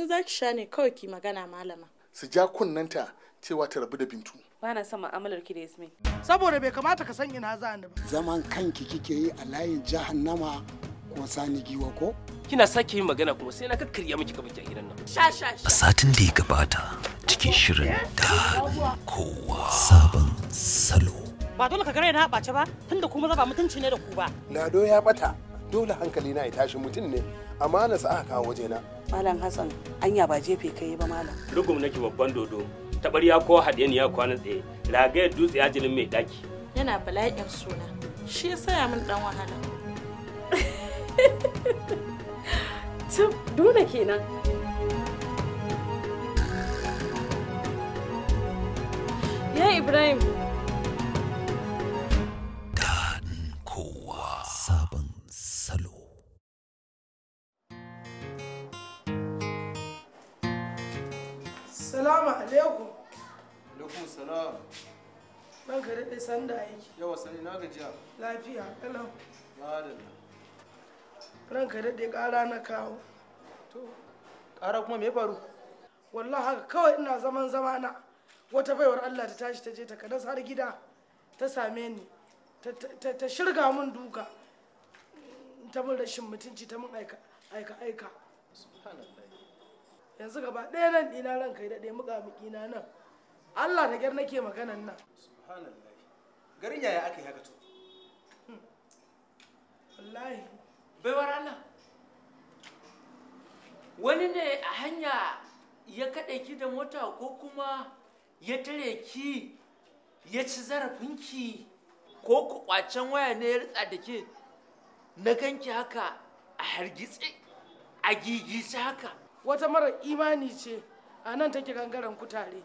in za ki sha ne kawai ki magana malama su ja kunnanta cewa ta rabu da bintu bana son ma'amalar ki da Yasmin saboda bai kamata ka san ina za ba zaman kanki kike yi a layin jahannama ko sani giwa ko kina sake yin magana kuma sai na kakkarya miki gaba ki a gidan nan sha sha a satin da ya gabata cikin shirin da kowa sabon salo ba dole ka gare na ɓace ba tunda kuma zaba mutunci ne da ku ba lado ya bata dole hankali na ya tashi mutum ne na sa aka kawo wajena Malam Hassan anya ba jefe kai ba malam. Rugum nake babban dodo. Tabarya ko ya kwana tsaye. Ragaya dutse jinin mai daki. Yana bala'in suna. Shi yasa ya min dan wahala. Tum, dole kenan. Ya Ibrahim, Assalamu alaikum. Alaikum salam. Ban ka daɗe sanda aiki. Yawa sani na gajiya. Lafiya kalau. Madalla. Ran ka daɗe ƙara na kawo. To, ƙara kuma me ya faru? Wallahi haka kawai ina zaman zama na. Wata baiwar Allah ta tashi ta je ta kadas har gida ta same ni. Ta shirga mun duka. Ta mun rashin mutunci ta mun aika aika aika. Subhanallah. yanzu gaba ɗaya nan ɗina ran kai daɗe muka miki ɗina nan Allah da gyar nake maganan nan garin yaya aka yi haka to wallahi baiwar Allah wani ne a hanya ya kaɗe ki da mota ko kuma ya tare ki ya ci zarafinki ko kwacen waya ne ya ritsa da ke na ganki haka a hargitse a gigice haka wata mara imani ce a nan take gangaren kutare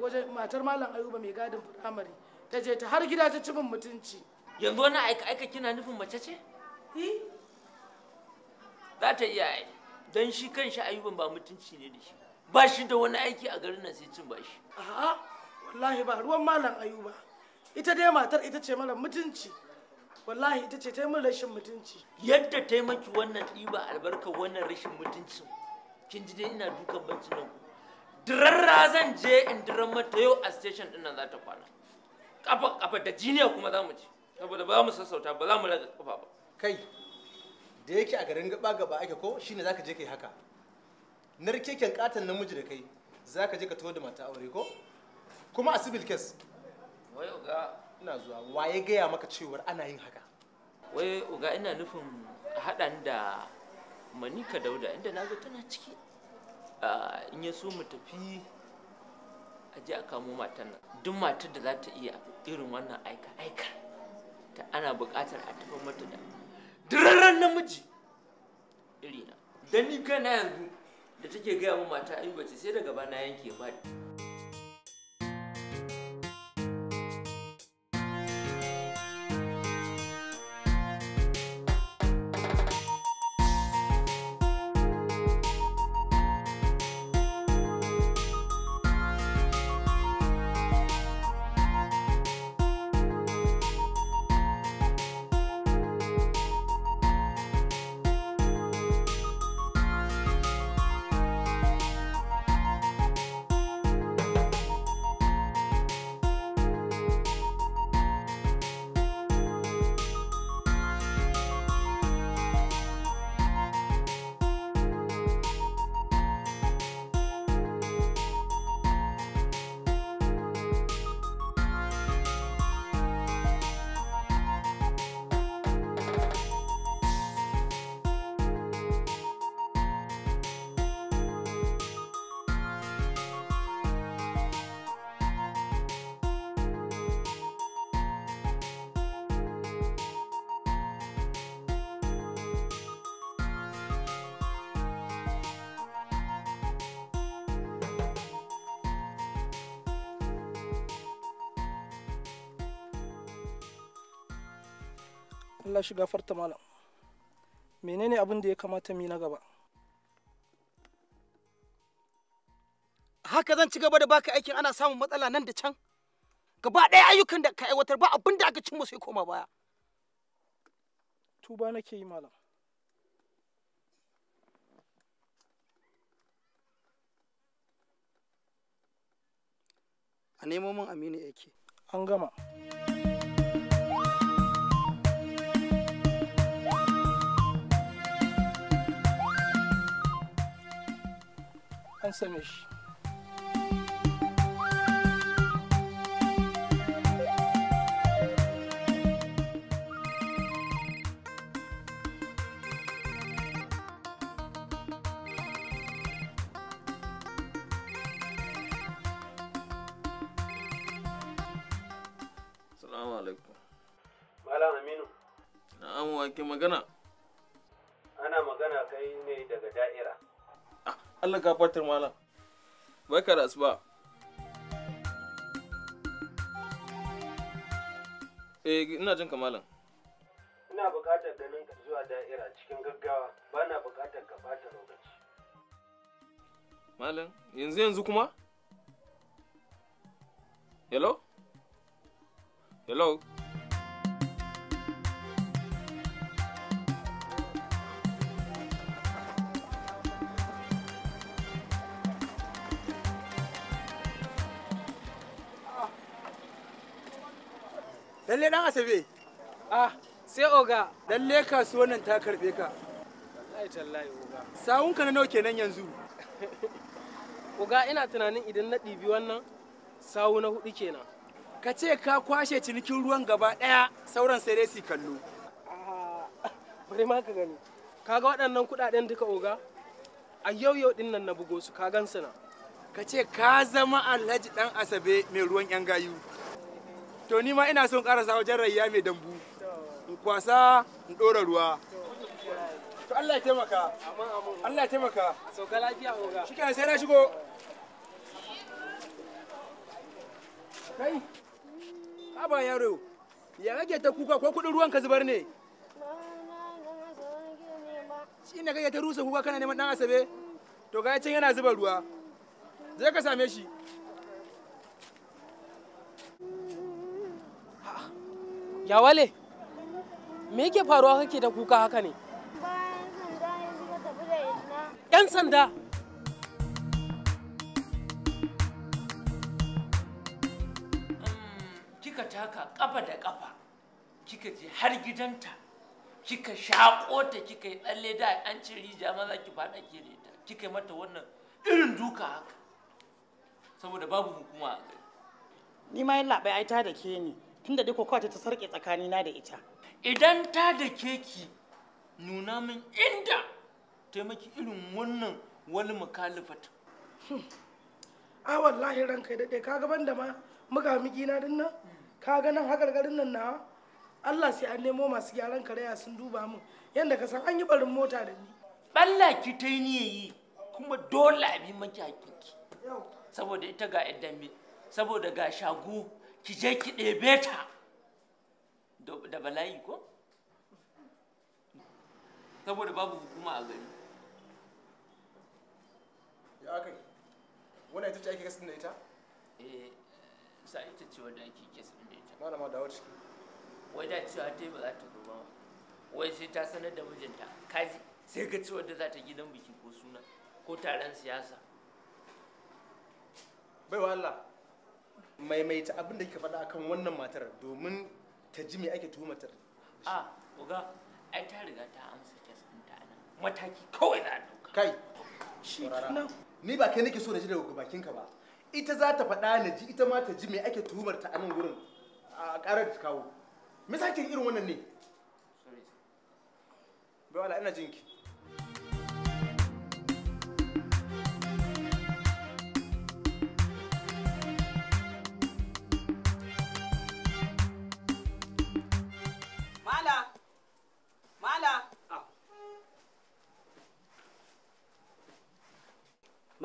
wajen matar malam ayuba mai gadin firamare ta je ta har gida ta cibin mutunci yanzu wani aika aika kina nufin mace ce Eh. za ta iya dan shi kan shi ayuban ba mutunci ne da shi ba shi da wani aiki a garin nan sai cin ba shi a'a wallahi ba ruwan malam ayuba ita dai matar ita ce malam mutunci wallahi ita ce ta yi rashin mutunci yadda taimaki wannan ɗiba albarka wannan rashin mutuncin kin ji dai ina dukan banci nan ku dirarra zan je in diran mata yau a station din nan za ta kwana kafa kafa da jiniya kuma za mu je saboda ba mu sassauta ba za mu rage kafa ba kai da yake a garin gaba gaba ake ko shine zaka je kai haka narkeken katan namiji da kai zaka je ka tawo da mata aure ko kuma a civil case wai uga ina zuwa waye gaya maka cewar ana yin haka wai uga ina nufin haɗan da manika dauda inda na ga tana ciki in ya so mu tafi a je a kamo matan nan duk matar da za ta iya irin wannan aika aika ta ana buƙatar a tafi mata da durarren namiji irina da ni kana yanzu da take gaya mu mata ayuba ce sai daga na yanke ba Allah shi gafarta malam menene abin da ya kamata mi na gaba haka zan ci gaba da baka aikin ana samun matsala nan da can gaba ɗaya ayyukan da ka aiwatar ba abin da aka cimma sai koma baya tuba nake yi malam a nemo min aminu yake an gama ما السلام عليكم مالا امينو نعم وانك مغنى Allah gafatar malam barka da asuba eh ina jin ka malam ina bukatar ganin ka zuwa da'ira cikin gaggawa ba na bukatar ka bata lokaci malam yanzu yanzu kuma hello hello Lalle dan Asabe. Ah, sai oga. Lalle kasuwar nan ta karfe ka. Wallahi tallahi oga. Sawun ka na nawa kenan yanzu? Oga ina tunanin idan na ɗibi wannan sawu na hudu kenan. Ka ce ka kwashe cinikin ruwan gaba daya sauran sai dai su kallo. Ah, bari ma ka gani. Kaga waɗannan kuɗaɗen duka oga? A yau yau ɗin nan na bugo su ka gansu na. Ka ce ka zama Alhaji ɗan Asabe mai ruwan 'yan gayu. to ni ma ina son karasa wajen rayya mai dambu in kwasa in ɗora ruwa to Allah ya taimaka Allah ya taimaka so ka lafiya hoga shikenan sai na shigo kai aba yaro ya rage ta kuka ko kudin ruwan ka zubar ne shi ne kake ta rusa kuka kana neman dan asabe to ga ya yana zuba ruwa zai ka same shi ya wale me yake faruwa kake da kuka haka ne yan sanda hmm, kika taka kafa da kafa kika je har gidanta kika shako ta kika yi tsalle da an ci rija maza ki fada ke da kika yi mata wannan irin duka haka saboda babu hukuma a gari ni ma yin labai ai da ke ne. tunda dai kokawa ta sarke tsakanina da ita idan ta da keki nuna min inda taimaki irin wannan wani mukalifat hmm. a wallahi ranka da dai kaga banda ma muka miki na din nan kaga nan garin nan na Allah sai an nemo masu gyaran karaya sun duba min yanda ka san an yi barin mota da ni balla ki ta yi yi kuma dole a maki hakiki saboda ita ga yadda saboda ga shago ki je ki ɗebe ta da bala'i ko saboda babu hukuma a gari ya aka yi wannan ita ce ake kasa da ita? eh sa ita ce wanda ake kasa da ita ma da wata wai da cewa ta yi ba za ta zo ba wai sai ta sanar da mijinta kaji sai ka ci wanda za ta gidan biki ko suna ko taron siyasa baiwa Allah maimaita abin da kika faɗa akan wannan matar domin ta ji me ake tuhumatar a ah, uga ai ta riga ta amsa kes ta a nan mataki kawai za a ɗauka kai ni ba kai nake so na ji daga bakin ka ba ita za ta faɗa na ji ita ma ta ji me ake tuhumar ta a nan gurin a ƙarar da kawo me sa irin wannan ne bai wala ina jinki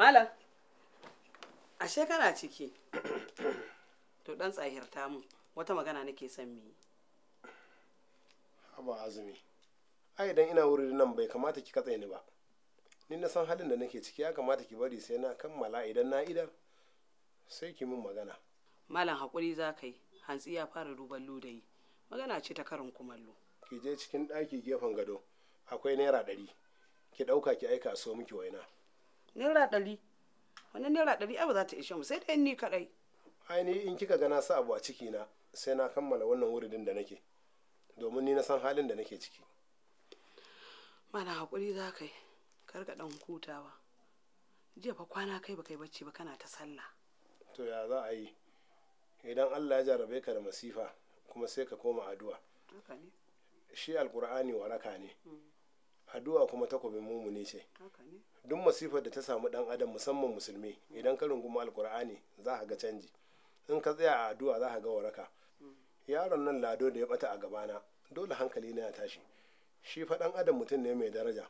malam ashe kana ciki to ɗan tsahirta mu wata magana nake son mu yi haba azumi ai idan ina wurin nan bai kamata ki katse ni ba ni na san halin da nake ciki ya kamata ki bari sai na kammala idan na idar sai ki min magana malam Haƙuri za ka yi hantsi ya fara duban ludayi magana ce ta karin kumallo ki je cikin ɗaki gefen gado akwai naira ɗari ki ɗauka ki aika so miki waina naira ɗari wani naira ɗari abu za ta ishe mu sai da ni kaɗai ainihi in kika gana su abu a ciki na sai na kammala wannan wuridin da nake domin ni na san halin da nake ciki mana haƙuri za ka yi karka ɗan hutawa jiya fa kwana kai ba kai bacci ba kana ta sallah to ya za a yi idan allah ya jarabe ka da masifa kuma sai ka koma addu'a shi alkur'ani waraka ne mm. addu'a kuma takobin mumuni ce duk masifar da ta samu dan adam musamman musulmi idan ka rungumi alkur'ani za ka ga canji in ka tsaya a addu'a za ka ga waraka hmm. yaron nan lado da ya bata a gabana dole hankali na ya tashi shi fa dan adam mutum ne mai daraja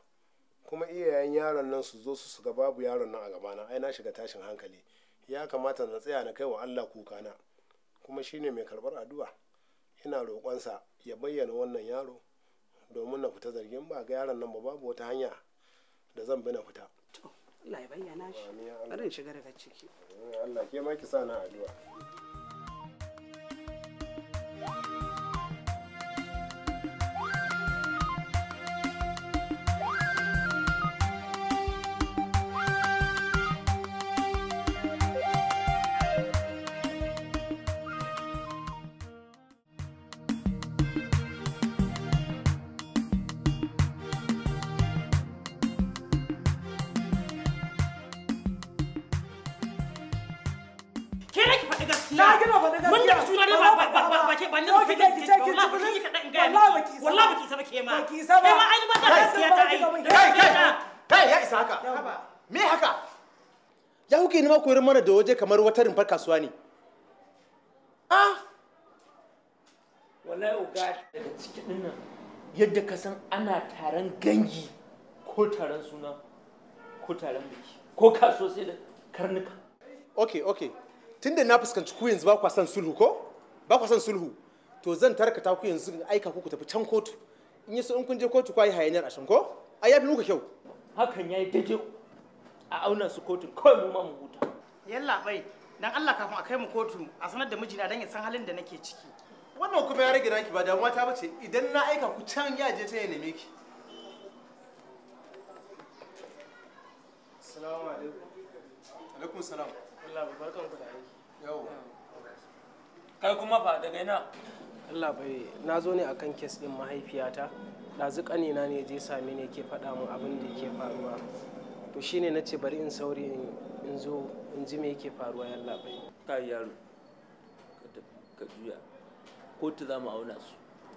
kuma iyayen yaron nan su zo su su ga babu yaron nan a gabana ai na shiga tashin hankali ya kamata na tsaya na kai wa Allah na kuma shine mai karbar addu'a ina roƙonsa ya bayyana wannan yaro domin na fita zargin ba ga yaron nan ba babu wata hanya da zan bi na fita to Allah ya bayyana shi barin shiga daga ciki Allah ke ma ki sa na addu'a ke ne ki faɗi gaskiya na gina faɗi gaskiya mun da suna ne ba ba ba ba ke ban da ki ce ki ce ki wallahi ki kaɗan ga wallahi wallahi ki saba ke ma ki saba kai ma ai ban da gaskiya ta ai kai kai kai ya isa haka me haka ya ni ma koyar mana da waje kamar wata rumfar kasuwa ne ah wallahi uga daga cikin nan yadda ka san ana taron gangi ko taron suna ko taron biki ko kasuwa sai da karnuka okay okay tunda na fuskanci ku yanzu ba kwa son sulhu ko ba kwa son sulhu to zan tarkata ku yanzu in aika ku ku tafi can kotu in yi so in kun je kotu kwa yi hayaniyar ashin ko a yafi muku kyau hakan ya yi daidai a auna su kotun kawai mu ma mu huta yalla bai dan Allah kafin a kai mu kotu a sanar da mijina dan ya san halin da nake ciki wannan kuma ya rage naki ba damuwa ta bace idan na aika ku can ya je ta ya neme ki assalamu alaikum alaikum salam Allah barkan ku da aiki kai kuma fa daga ina Allah bai na zo ne akan kes din mahaifiyata ɗazu na ne je sami ne ke faɗa mu abin da ke faruwa to shine na ce bari in sauri in zo in ji me yake faruwa yalla bai ka yaro ka juya kotu za mu auna su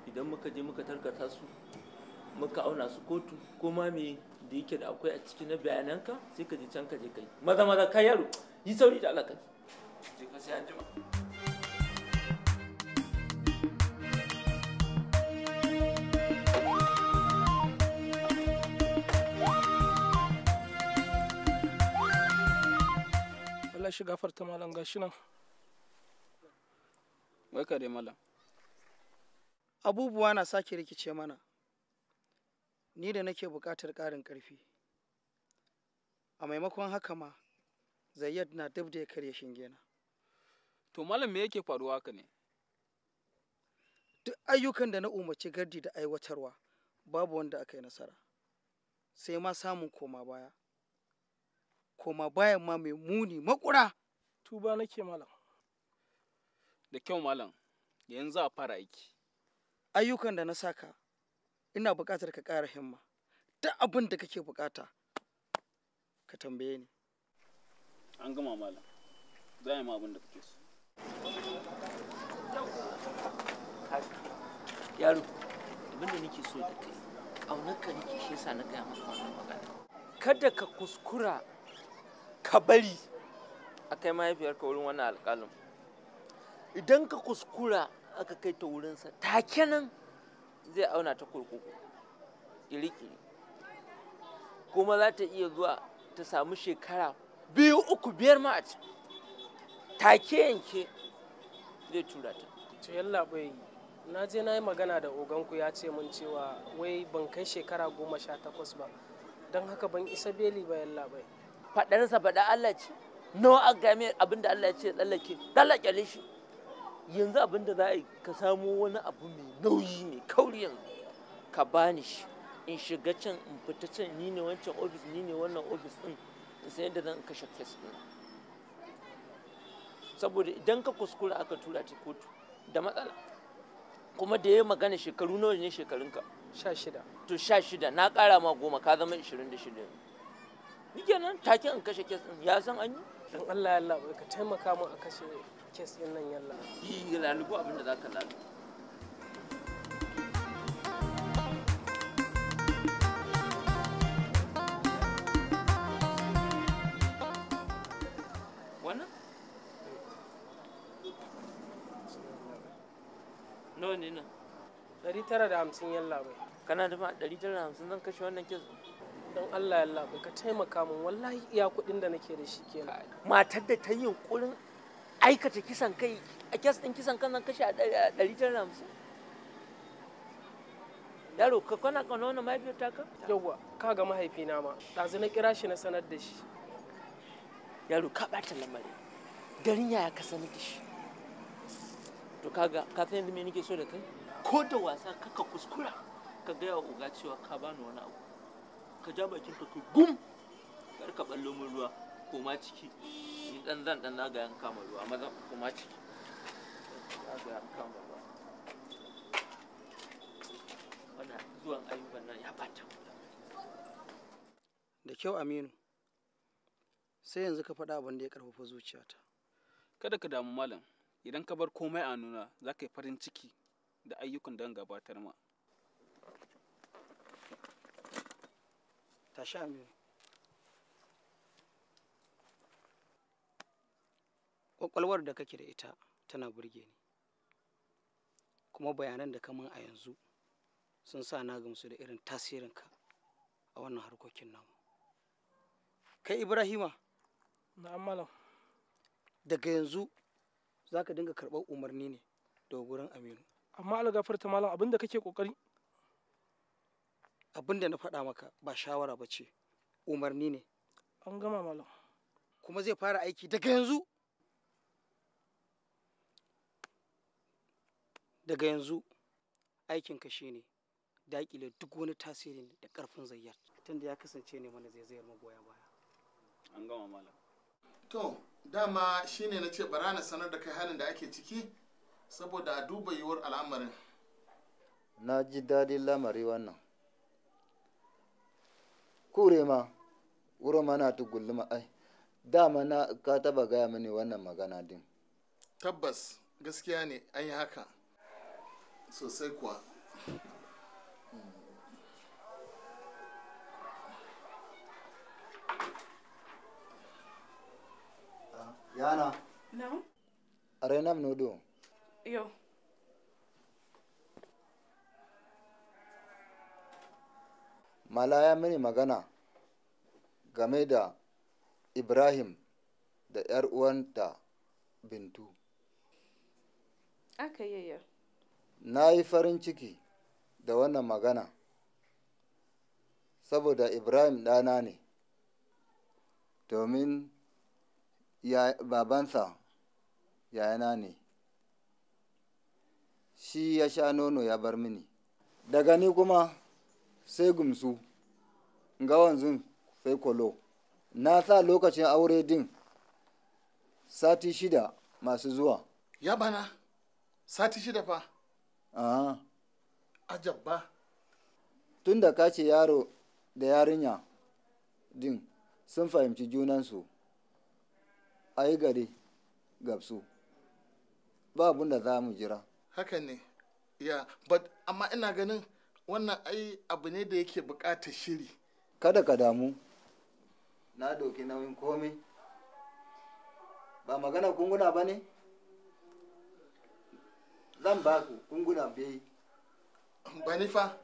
idan muka je muka tarkata su muka auna su kotu ko ma me da yake da akwai a ciki na bayananka sai ka je can ka je kai maza maza ka yaro yi sauri da Allah abubuwa na sake rikice mana ni da nake buƙatar ƙarin ƙarfi a maimakon haka ma zayyad na dab da ya karya shingena to malam me yake faruwa haka ne duk ayyukan da na umarci gardi da aiwatarwa babu wanda aka yi nasara sai ma samun koma baya koma bayan ma mai muni makura tuba nake malam da kyau malam yanzu a fara aiki ayyukan da na saka ina buƙatar ka ƙara himma duk abin da kake buƙata ka tambaye ni an gama malam za a yi ma abin da kake so yaro kada ka kuskura ka bari a kai mahaifiyarka wurin wannan alƙalin idan ka kuskura aka kai ta wurinsa take nan zai auna ta kurkuku ƙiriƙiri kuma za ta iya zuwa ta samu shekara biyu uku biyar ma a ciki take yanke zai tura ta to yalla bai na je na yi magana da oganku ya ce mun cewa wai ban kai shekara goma sha takwas ba don haka ban isa beli ba yalla bai faɗarsa faɗa Allah ce nawa a game abin da Allah ce tsallake tsallake shi yanzu abinda za a yi ka samo wani abu mai nauyi ne kauri yanzu ka bani shi in shiga can in fita can ni ne wancan ofis ni ne wannan ofis din in sayar da zan kashe kes din saboda idan ka kuskura aka tura ta kotu da matsala kuma da ya magana shekaru nawa ne shekarunka sha shida to sha shida na kara ma goma ka zama ishirin da shida ni kenan take in kashe kes ɗin ya san an yi Dan allah Allah ka taimaka mu a kashe kes ɗin nan yalla yi lalubu abin da za ka lalubu nawa ne nan 950 yalla bai kana da ma 950 zan kashe wannan kes don Allah yalla bai ka taimaka min wallahi iya kuɗin da nake da shi kenan matar da ta yi yunƙurin aikata kisan kai a kes din kisan kan zan kashe a 950 yaro ka kwana kana wannan mahaifiyar taka yawwa ka ga mahaifina ma ɗazu na kira shi na sanar da shi yaro ka ɓata lamari, garin yaya ka sanar da shi to kaga ka san yanzu me nake so da kai ko da wasa kaka kuskura ka gaya wa uga cewa ka bani wani abu ka ja bakin ka gum kar ka ballo min ruwa koma ciki in dan zan dan yan kama ruwa amma za koma ciki yan kama ruwa wannan zuwan ayyukan nan ya bata da kyau aminu sai yanzu ka faɗa abin da ya karfafa zuciyata kada ka damu malam idan ka bar komai a nuna za ka yi farin ciki da ayyukan don gabatar ma tashi aminu kwakwalwar da kake da ita tana burge ni kuma bayanan da kaman a yanzu sun sa na gamsu da irin tasirinka a wannan harkokin namu kai ibrahima na malam daga yanzu za ka dinga karɓar umarni ne daga gurin aminu amma algafar ta malam abinda kake kokari abinda na faɗa maka ba shawara ba ce umarni ne an gama malam kuma zai fara aiki daga yanzu daga yanzu aikinka shine dakile duk wani tasiri da karfin zayyar tunda ya kasance ne mana zaizayar magoya baya an gama malam to dama shine na ce bara na sanar da kai halin da ake ciki saboda a duba yiwuwar al'amarin na ji daɗin lamari wannan kure ma wurin mana tugulluma ai dama na ka taba gaya mini wannan magana din tabbas gaskiya ne an yi haka sosai kuwa Yana? No. Renam Yo. Mala mini magana game da Ibrahim da ‘yar uwanta Bintu. Aka yeah. Na yi farin ciki da wannan magana, saboda Ibrahim ɗana ne, domin babansa yayana ne shi ya sha nono ya bar mini daga ni kuma sai gumsu ga wanzu sai kolo na sa lokacin aure din sati shida masu zuwa ya bana sati shida fa a ajabba tun da kace yaro da yarinya din sun fahimci junansu a yi gari gabsu ba abin da za mu jira haka ne ya but amma ina ganin wannan ai abu ne da yake buƙatar shiri kada ka damu na doki nauyin komai ba magana kunguna ba ne zan ba ku kunguna biyu ba ni fa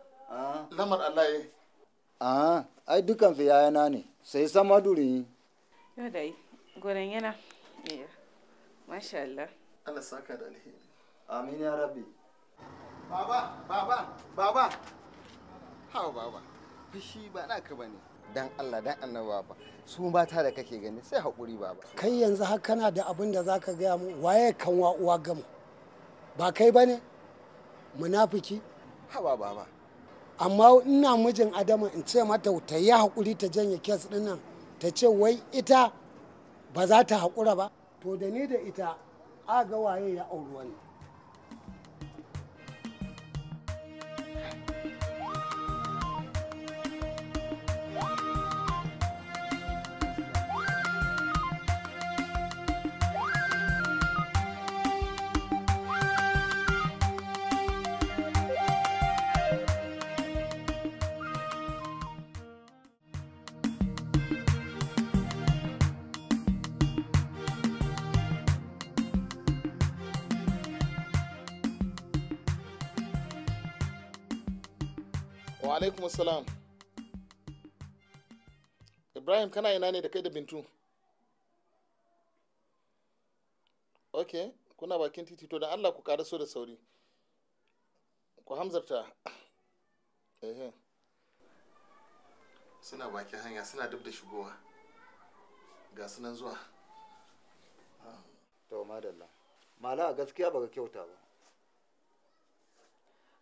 lamar Allah a ai dukansu yayana ne sai sama duri yi. Gurin yana? Iya. Masha Allah. Allah saka da alheri. Amin ya rabbi. Baba, baba, baba. hau baba. Fushi ba naka bane. Dan Allah dan annaba baba. Su mata da kake gani sai haƙuri baba. Kai yanzu har kana da abin da zaka gaya mu waye kan wa uwa gama? Ba kai bane? Munafiki? Hawa baba. Amma ina mijin Adama in ce mata ta yi haƙuri ta janye kes ɗin ta ce wai ita ba za ta haƙura ba to da ni da ita a ga waye ya auri wani wa alaikum salam ibrahim kana ina ne da kai da bintu ok kuna bakin titi to da allah ku so da sauri ku hamzarta ehe suna bakin hanya suna duk da shigowa ga sunan zuwa to madalla mala gaskiya baka kyauta ba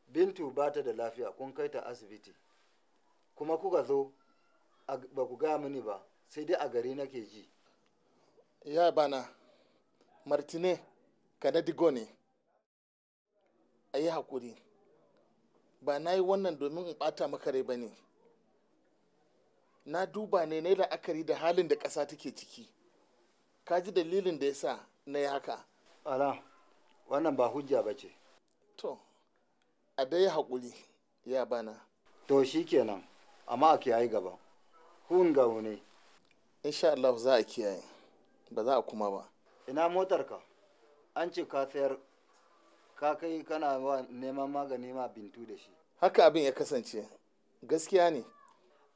bintu ba ta da lafiya kun kai ta asibiti kuma kuka zo ba ku gaya mini ba sai dai a gari nake ji ya bana martine ka na ne a yi hakuri ba na yi wannan domin in ɓata maka rai ba ne na duba ne na yi la'akari da halin da ƙasa take ciki ka ji dalilin da ya sa na yi haka ala wannan ba hujja ba ce to a dai haƙuri ya bana to shi kenan amma a kiyaye gaba hun gawo ne insha Allah za a kiyaye ba za a kuma ba ina motarka an ce ka sayar ka kai kana neman magani ma bintu da shi haka abin ya kasance gaskiya ne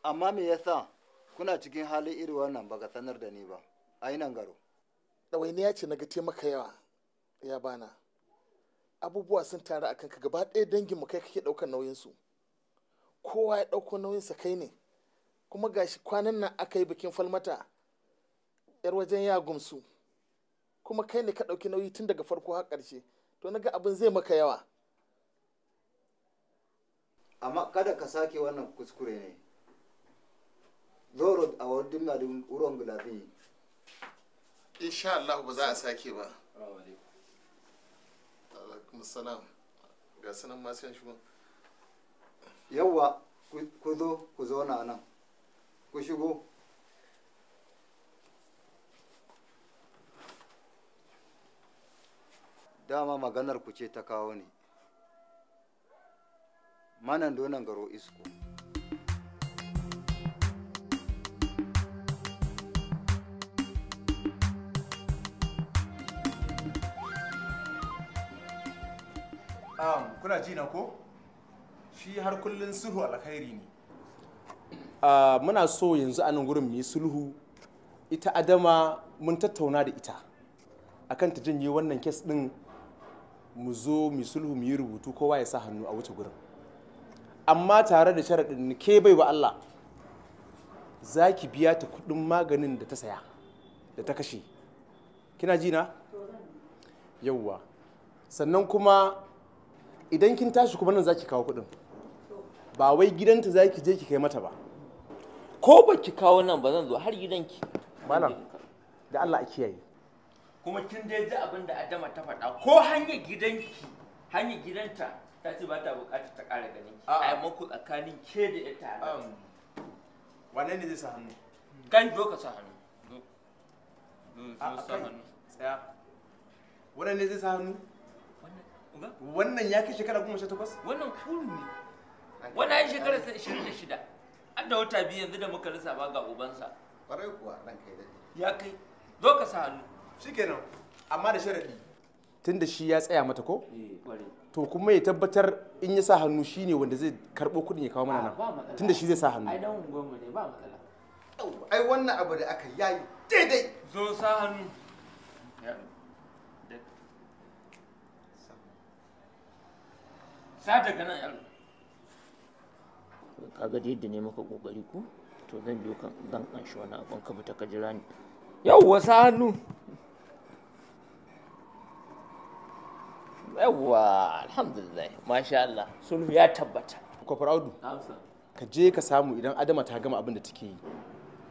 amma me yasa kuna cikin halin iri wannan baka sanar da ni ba a yi nan garo ya ce na ga taimaka yawa ya bana abubuwa sun taru a kanka gaba ɗaya dangin mu kai kake ɗaukar nauyinsu kowa ya ɗauko nauyinsa kai ne kuma gashi kwanan nan aka yi bikin falmata yar wajen ya gumsu kuma kai ne ka ɗauki nauyi tun daga farko har ƙarshe to na ga abin zai maka yawa amma kada ka sake wannan kuskure ne zoro a wadin na wurin gulafi insha Allah ba za a sake ba salam ga sanan masu yan yawwa ku zo ku zauna nan ku shigo dama maganar ku ce ta kawo ne manan donan garo isko um, kuna ji na ko shi har kullun sulhu alkhairi ne uh, muna so yanzu a nan gurin mu yi sulhu ita adama mun tattauna da ita akan ta janye wannan kes ɗin mu zo mu sulhu mu yi rubutu kowa ya sa hannu a wuce gurin amma tare da sharaɗin ke bai wa Allah za ki biya ta kuɗin maganin da ta saya da ta kashe kina ji na yauwa sannan kuma idan kin tashi kuma nan zaki kawo kuɗin ba wai gidanta zaki je ki kai mata ba ko ba ki kawo nan ba zan zo har gidanki malam da Allah a kiyaye kuma kin dai ji abin da Adama ta faɗa ko hanyar gidanki hanyar gidanta ta ce ba ta buƙatar ta ƙara ganin ki yi maku tsakanin ke da ita wane ne zai sa hannu kan zo ka sa hannu zo sa hannu tsaya wane ne zai sa hannu wannan ya kai shekara goma sha takwas wannan kawun ne wannan ya shekara ashirin da shida an da wata biyu yanzu da muka rasa ba ga ubansa ƙwarai kuwa ran kai daɗi ya kai zo ka sa hannu shikenan amma da sharaɗi tun da shi ya tsaya mata ko eh, to kuma ya tabbatar in ya sa hannu shi ne wanda zai karɓo kuɗin ya kawo mana ah, nan tun da shi zai sa hannu ai dan unguwarmu ne ba matsala ai wannan abu da aka yayi daidai zo sa hannu sa daga nan kaga da yadda ne maka kokari ko to zan biyo kan dan shi wani abun ka fita ka jira ni yawwa sa hannu yawwa alhamdulillah masha Allah sulhu ya tabbata ko audu ka je ka samu idan adama ta gama abin da take yi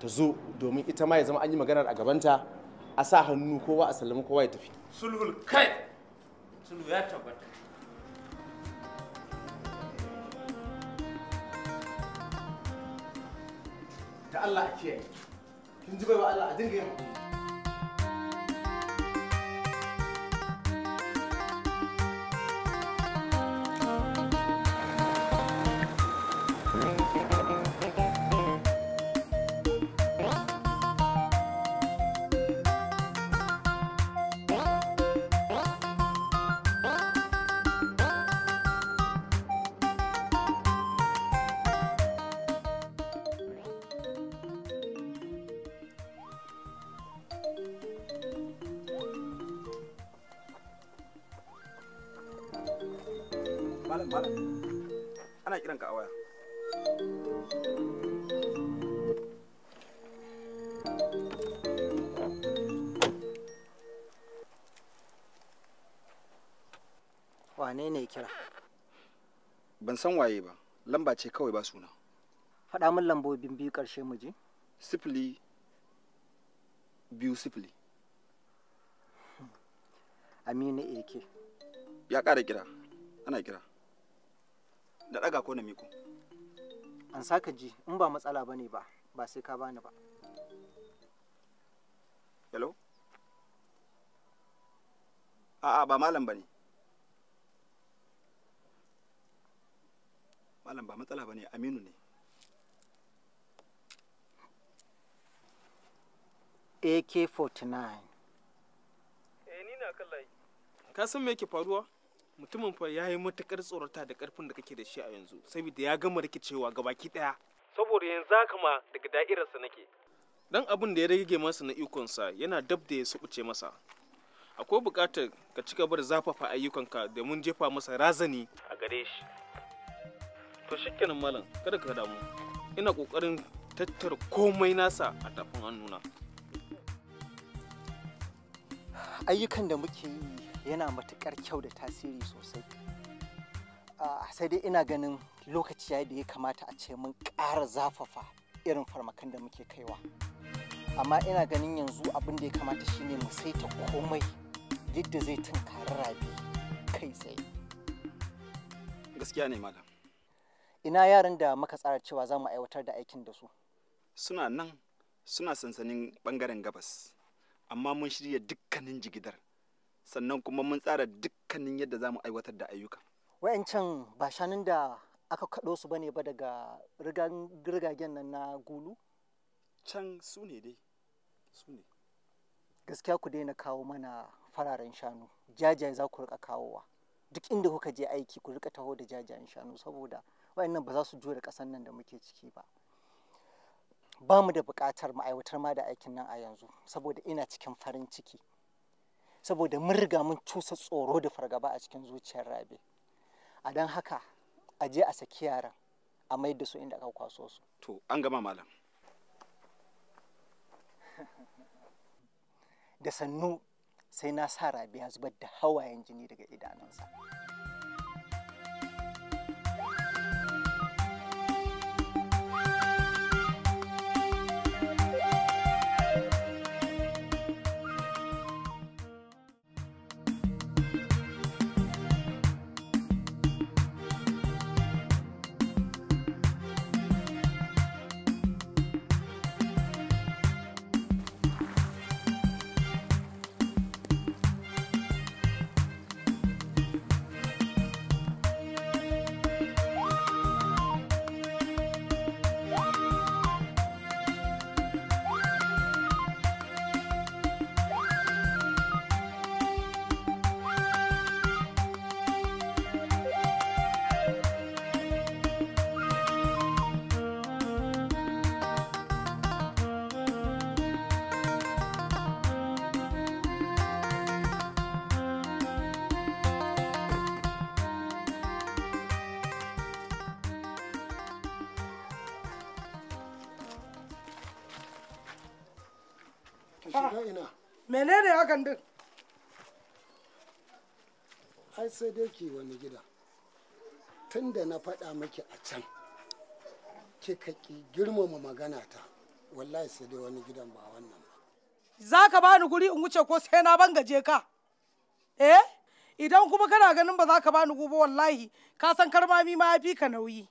ta zo domin ita ma ya zama an yi maganar a gabanta a sa hannu kowa a sallama kowa ya tafi sulhul kai sulhu ya tabbata da Allah a kiyaye kin ji baiwa Allah a dinga yin hakuri ana kiran ka a waya wane ne kira ban san waye ba lamba ce kawai ba suna faɗa min lambobin biyu ƙarshe mu je sifili biyu sifili aminu eke ya ƙara kira ana kira da ɗaga ko na miko an saka ji in ba matsala ba ne ba ba sai ka bani ba hello a'a ba malam ba ne malam ba matsala ba ne aminu ne ak-49 eh ni na kan layi ka san me yake faruwa mutumin fa ya yi matukar tsorata da karfin da kake da shi a yanzu saboda ya gama rikicewa gabaki ɗaya saboda yanzu haka ma daga da'irarsa nake dan abin da ya rage masa na ikon sa yana dab da ya subuce masa akwai buƙatar ka ci gaba da zafafa ayyukanka domin jefa masa razani a gare shi to shikenan malam kada ka damu ina ƙoƙarin tattara komai nasa a tafin hannuna ayyukan da muke yi yana matuƙar kyau da tasiri sosai ah, sai dai ina ganin lokaci ya da ya kamata a ce mun ƙara zafafa irin farmakan da muke kaiwa amma ina ganin yanzu abin da ya kamata shine mu saita komai duk da zai tunkari rabi kai tsaye gaskiya ne malam ina yaran da muka tsara cewa za mu aiwatar da aikin da su suna nan suna sansanin bangaren gabas amma mun shirya dukkanin jigidar sannan kuma mun tsara dukkanin yadda za mu aiwatar da ayyuka wayancan ba shanun da aka kaɗo su bane ba daga rigagen nan na gulu can su ne dai su ne gaskiya ku daina kawo mana fararen shanu jajaye za ku rika kawowa duk inda kuka je aiki ku rika taho da jajayen shanu saboda wayannan ba za su jure ƙasan nan da muke ciki ba ba mu da buƙatar ma'aiwatar ma da aikin nan a yanzu saboda ina cikin farin ciki saboda mun riga mun cusa tsoro da fargaba a cikin zuciyar rabe a don haka a je a saki yaran a mai da su inda aka kwaso su to an gama malam da sannu sai na sa rabe ya zubar da hawayen jini daga idanunsa. menene hakan din ai sai dai ki wani gida tun da na faɗa miki a can kika ki girmama magana ta wallahi sai dai wani gidan ba wannan ba za ka bani guri in wuce ko sai na bangaje ka eh idan kuma kana ganin ba za ka bani gobe wallahi ka san karmami ma ya fi ka nauyi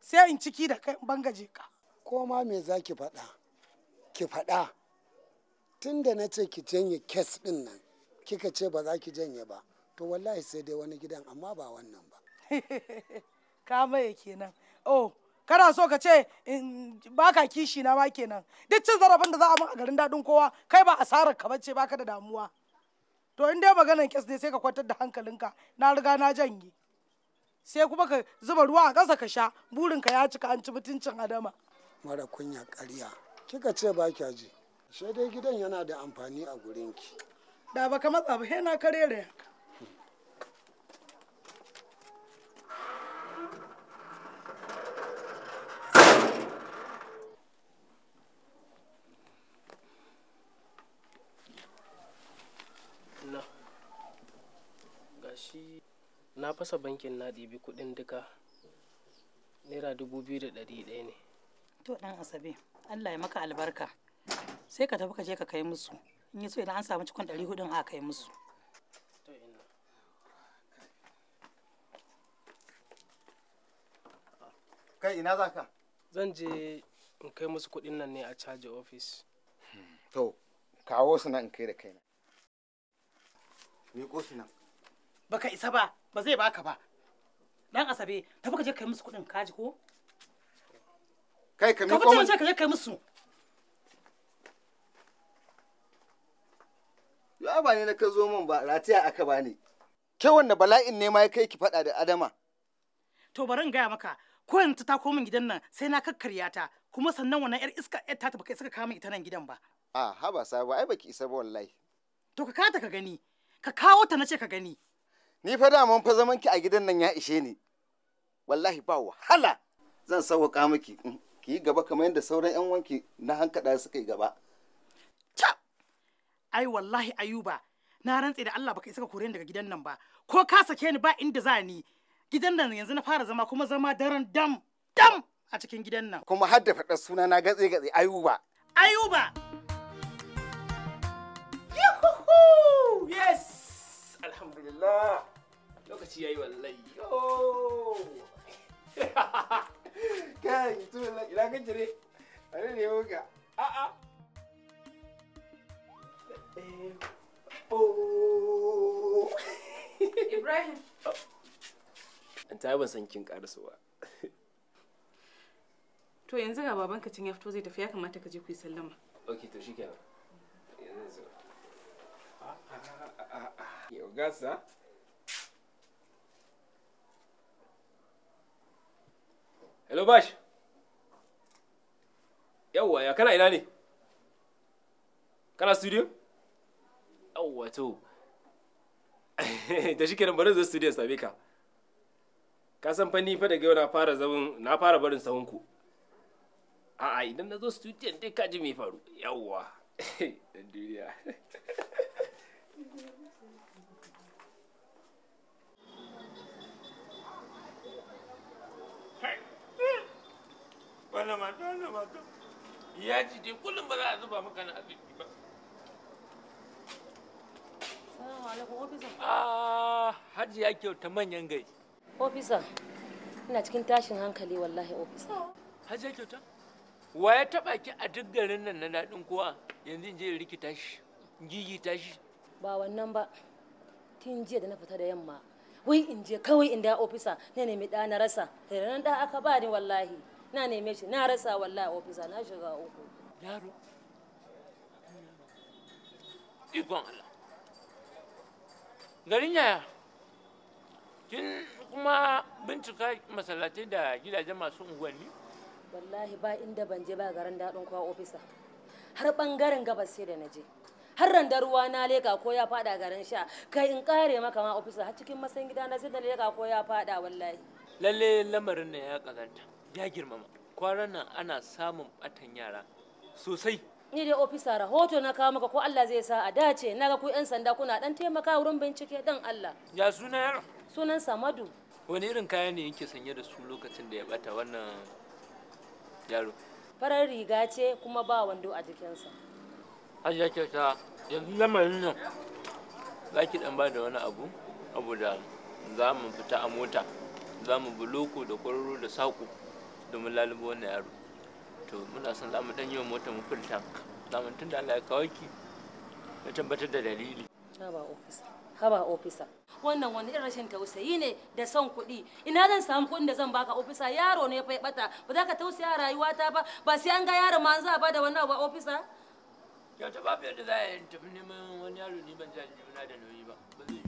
sai in ciki da kai bangaje ka ko ma me za ki faɗa ki faɗa tun da na ce ki janye kes din nan kika ce ba za ki janye ba to wallahi sai dai wani gidan amma ba wannan ba ka maye kenan oh kana so ka ce baka kishi na ma kenan duk cin zarafin da za a a garin daɗin kowa kai ba asarar ka bace baka da damuwa to in dai maganar kes ne sai ka kwantar da hankalinka na riga na janye sai kuma ka zuba ruwa a ƙasa ka sha burinka ya cika an ci mutuncin adama mara kunya ƙarya kika ce ba kya ji sai dai gidan yana da amfani a gurinki da baka matsa ba na karere na fasa bankin na ɗibi kuɗin duka naira dubu biyu da ɗari ɗaya ne to ɗan asabe allah ya maka albarka sai ka tafi ka je ka kai musu in yi so idan an samu cikon ɗari hudun a kai musu kai ina za ka zan je in kai musu kuɗin nan ne a caji ofis to kawo su nan in kai da kaina miƙo su nan baka isa ba ba zai baka ba dan asabe tafi ka je kai musu kuɗin kaji ko kai ka miƙo mun ka je kai musu abani ne na ka zo min ba ratiya aka ba ne. ke wanda bala'in ne ma ya kai ki faɗa da adama to bari gaya maka ko yanzu ta komin gidan nan sai na kakkarya ta kuma sannan wannan yar iska yar ta baka saka kama ita nan gidan ba a haba sabuwa ai baki isa ba wallahi to ka kata ka gani ka kawo ta na ce ka gani ni fa da mun fa zaman ki a gidan nan ya ishe ni wallahi ba wahala zan sauka miki mm, ki yi gaba kamar yadda sauran yan wanki na hankada suka yi gaba Chap! ai wallahi ayuba na rantse da Allah baka isa ka kore ni daga gidan nan ba ko ka sake ni ba inda za ni gidan nan yanzu na fara zama kuma zama daren dam dam a cikin gidan nan kuma har da faɗar suna na gatse gatse ayuba ayuba yuhu yes alhamdulillah lokaci yayi wallahi yo oh! kai tu ila kan jire ne a'a Eh, oh. Ibrahim. Ta ban san kin karasu To yanzu ga babanka cin ya fito zai tafi ya kamata ka je ku yi sallama. Ok to shikenan. Yanzu. Yau gasa. Hello Bash. Yawwa ya kana ina ne? Kana studio? wato da shi kenan bari zo studio sabe ka ka san fanni fa daga yau na fara zaun na fara barin sahun ku a a idan na zo studio dai ka ji me faru yawwa dan duniya wannan mata wannan mata ya ji dai kullum ba za a zuba maka na asibiti ba Assalamu alaikum ofisa. Ah, Hajiya kyauta manyan gai. Ofisa, ina cikin tashin hankali wallahi ofisa. ya kyauta? Wa ya taba ki a duk garin nan na daɗin kuwa, yanzu in je in rikita shi, in gigita shi. Ba wannan ba. Tun jiya da na fita da yamma. Wai in je kawai in da ofisa na nemi ɗa na rasa. Ranar ɗa aka ba ni wallahi. Na neme shi na rasa wallahi ofisa na shiga uku. Yaro. Ikon Allah. garin yaya kin kuma bincika masallatai da gidajen masu unguwanni wallahi ba inda ban je ba garin daɗin kwa ofisa har ɓangaren gabas sai da na je har randa ruwa na leka ko ya fada garin sha kai in kare maka ma ofisa har cikin masan gida na sai da leka ko ya fada wallahi lalle lamarin ne ya kazanta ya girmama Kwaran nan ana samun ɓatan yara sosai ni dai ofisa rahoto na kawo maka ko Allah zai sa a dace na ga ku yan sanda kuna dan taimaka wurin bincike dan Allah ya suna yaro sunan Samadu wani irin kaya ne yake sanye da su lokacin da ya bata wannan yaro farar riga ce kuma ba wando a jikinsa yake ta yanzu lamarin nan za ki dan ba da wani abu abu da za mu fita a mota za mu buloko da kwaroro da saƙo domin lalubo wannan yaro to muna son za mu dan yi wa mota mu filta tank za mu tunda Allah ya kawo ki na tabbatar da dalili haba officer haba officer wannan wani irin rashin tausayi ne da son kuɗi ina zan samu kuɗin da zan baka officer yaro ne fai bata ba za ka tausaya rayuwata ba ba sai an ga yaro ma an za ba da wannan ba officer ya ta babu yadda za a yi tafi neman wani yaro ni ban ji da nauyi ba ba zai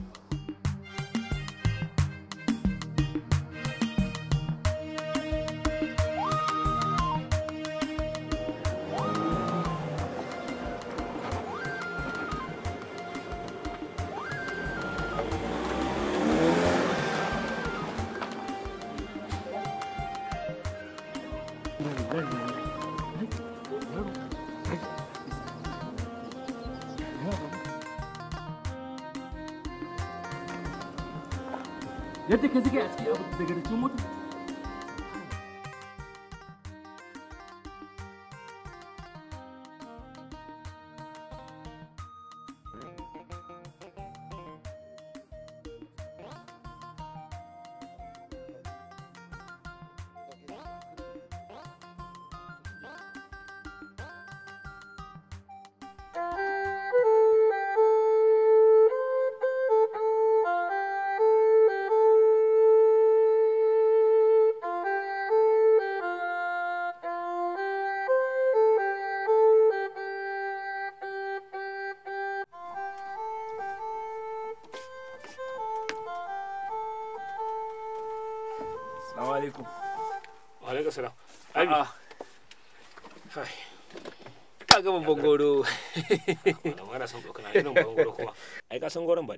yadda ka zika a cikin abu daga da cin mutum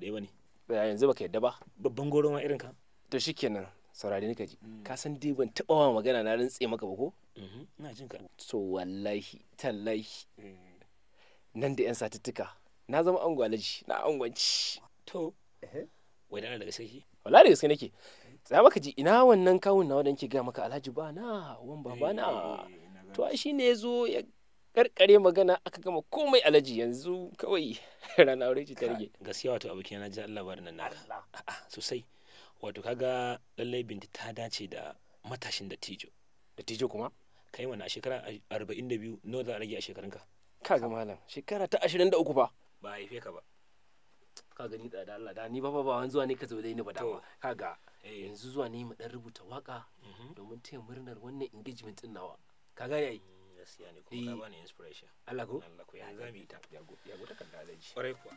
ba ɗaya bane yanzu baka yadda ba babban goro ma irin ka to shikenan saurari ni ji mm. ka san dai ban taba wa magana na rantse maka ba ko mm-hmm. ina jin ka so wallahi tallahi mm. nan da yan satuttuka na zama gwalaji na gwanci to wai dana da gaske ki wallahi da gaske nake tsaya maka ji ina wannan kawun nawa da nake ga maka alhaji ba na wan baba na eh, to ai shine yazo ya karkare magana aka gama komai alaji yanzu kawai rana aure ce ta rage gaskiya wato abokin na ji Allah bari na a'a sosai wato kaga lallai binti ta dace da matashin da tijo da tijo kuma kai mana a shekara 42 nawa za a rage a ka. kaga malam shekara ta 23 fa ba haife ka ba ka gani da Allah da ni ba ba wani zuwa ne ka zo dai ni ba da kaga eh. yanzu zuwa ne mu dan rubuta waka mhm. domin taya murnar wannan engagement din nawa kaga yayi mm. gaskiya ne kuma ka eh. bani inspiration Allah ko Allah ko ya zami ta yago yago kan da kwarai kuwa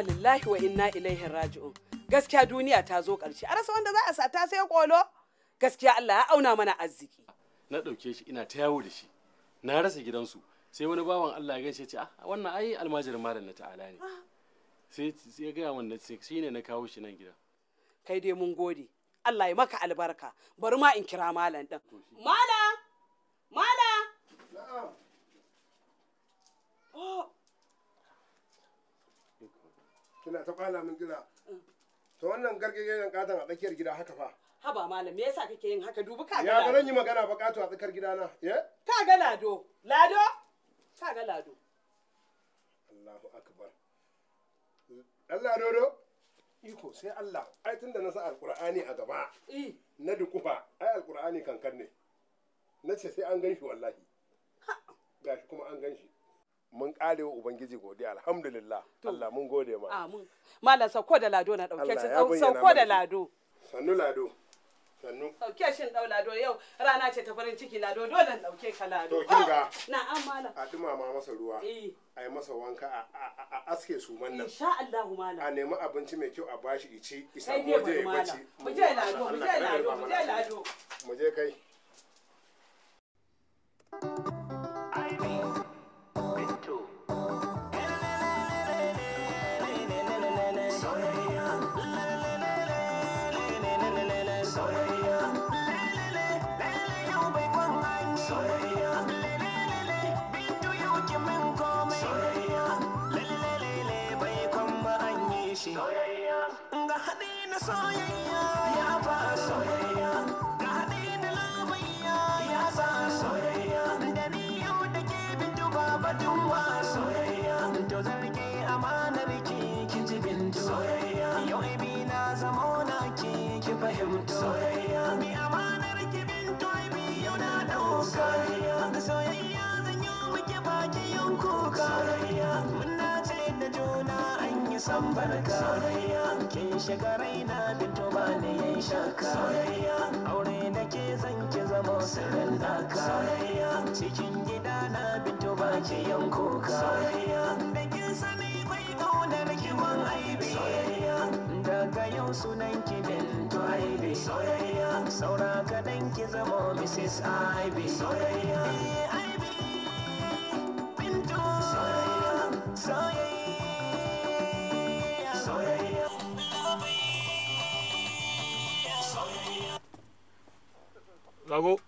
inna lillahi wa inna ilaihi raji'un gaskiya duniya ta zo ƙarshe a rasa wanda za a sata sai kolo gaskiya Allah ya auna mana arziki na ɗauke shi ina ta yawo da shi na rasa gidansu sai wani bawan Allah ya gaishe ce ah wannan ai almajirin malam na ta'ala ne ah. sai ya gaya wannan sai shine na kawo shi nan gida kai dai mun gode Allah ya maka albarka bari ma in kira malam din malam kina ta kwala min kira to wannan yan katon a tsakiyar gida haka fa haba malam me yasa kake yin haka dubi ka ya ba zan yi magana ba kato a tsakar gidana ye ka ga lado lado ka ga lado Allahu akbar Allah dodo iko sai Allah ai tunda na sa alqur'ani a gaba na dukufa ai alqur'ani kankan ne na ce sai an ganshi wallahi gashi kuma an ganshi mun kare wa ubangiji godiya alhamdulillah Allah mun gode ma amin malam sauko da lado na dauke shi sauko da lado sannu lado sannu dauke shi dau lado yau rana ce ta farin ciki lado dole dauke ka lado to kin ga ah! na'am malam a dumama masa ruwa eh ai masa wanka a aske su man nan insha Allah malam a nemi abinci mai kyau a bashi ici isa mu je ya mu je lado mu je lado mu je lado mu je kai soyayya ya ba soyayya ga da labayya ya sa soyayya da ni yau da ke bintu baba duwa soyayya to zarge amanar ki ki ji bintu soyayya yau ibi na zamo na ki ki fahimta soyayya mi amanar ki bintu ibi yau na ɗauka soyayya zan yi muke baki yau kuka soyayya na ce da juna an yi san barka soyayya shiga na fito ba ya yayi shaka soyayya aure nake zan ki zama sirrin daka soyayya cikin gida na fito ba ki yanko ka soyayya da kin sani bai kaunar ki man aibi soyayya daga yau sunan ki bintu aibi soyayya saura kadan ki zama mrs aibi soyayya Kago.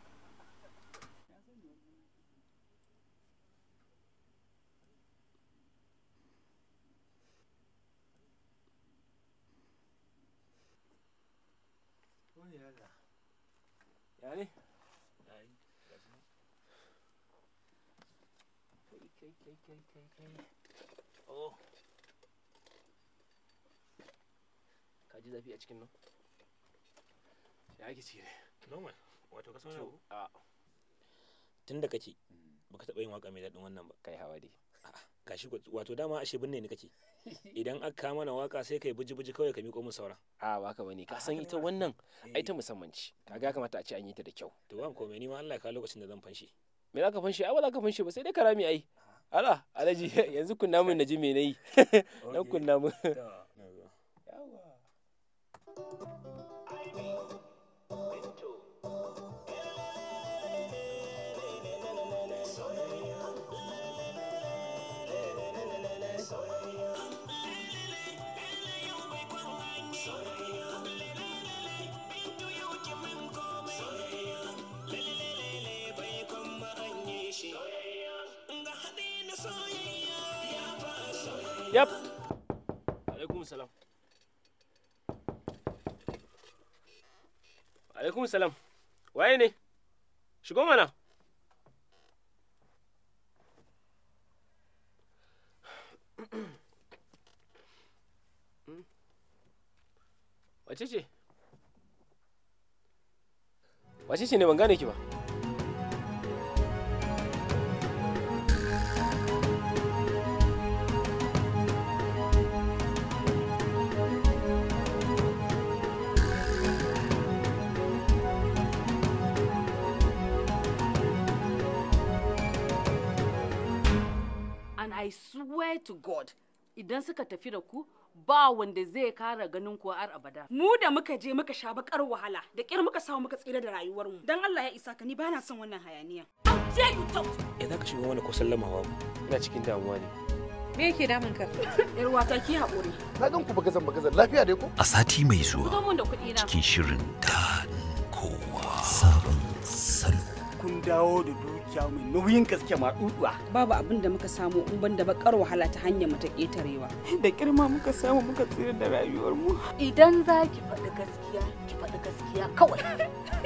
Yani? Oh. Kai zafi a cikin nan? Ya ake cire. wato ka sauna a tun da kake baka taɓa yin waka mai daɗin wannan ba kai hawa dai gashi wato dama ashe binne ni kake idan aka mana waka sai kai buji buji kawai ka miƙo mu sauran a ba ka bane ka san ita wannan ai eh. ta musamman ce kaga kamata a ce an yi ta da kyau to ban komai ni ma Allah ya kawo lokacin da zan fanshi me za ka fanshi ai ba za ka fanshi ba sai dai karami ai ala alaji yanzu kunna mun naji me nayi dan kunna mun yawa Yap. Alaikum salam. Alaikum salam. Waye ne? Shigo mana. Wace ce? Wace ce ne ban gane ki ba? I swear to God, idan suka tafi da ku ba wanda zai kara ganin ku har abada. Mu da muka je muka sha bakar wahala, da kyar muka samu muka tsira da rayuwarmu. Dan Allah ya isa ka ni bana son wannan hayaniya. Ya za ka shiga wani ko sallamawa mu? Ina cikin damuwa ne. Me yake damun ka? Yar wata ki haƙuri. Na gan ku bagazan bagazan lafiya dai ko? A sati mai zuwa. Cikin shirin da kowa. Sabon salo. Kun dawo da duniya. sha mai nauyin gaske ma duduwa babu abin da muka samu in ban da bakar wahala ta hanyar mu ta ketarewa da kirma muka samu muka tsira da rayuwar mu idan za ki faɗi gaskiya ki faɗi gaskiya kawai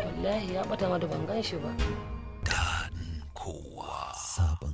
wallahi ya bata ma da ban gan shi ba dan kowa sabon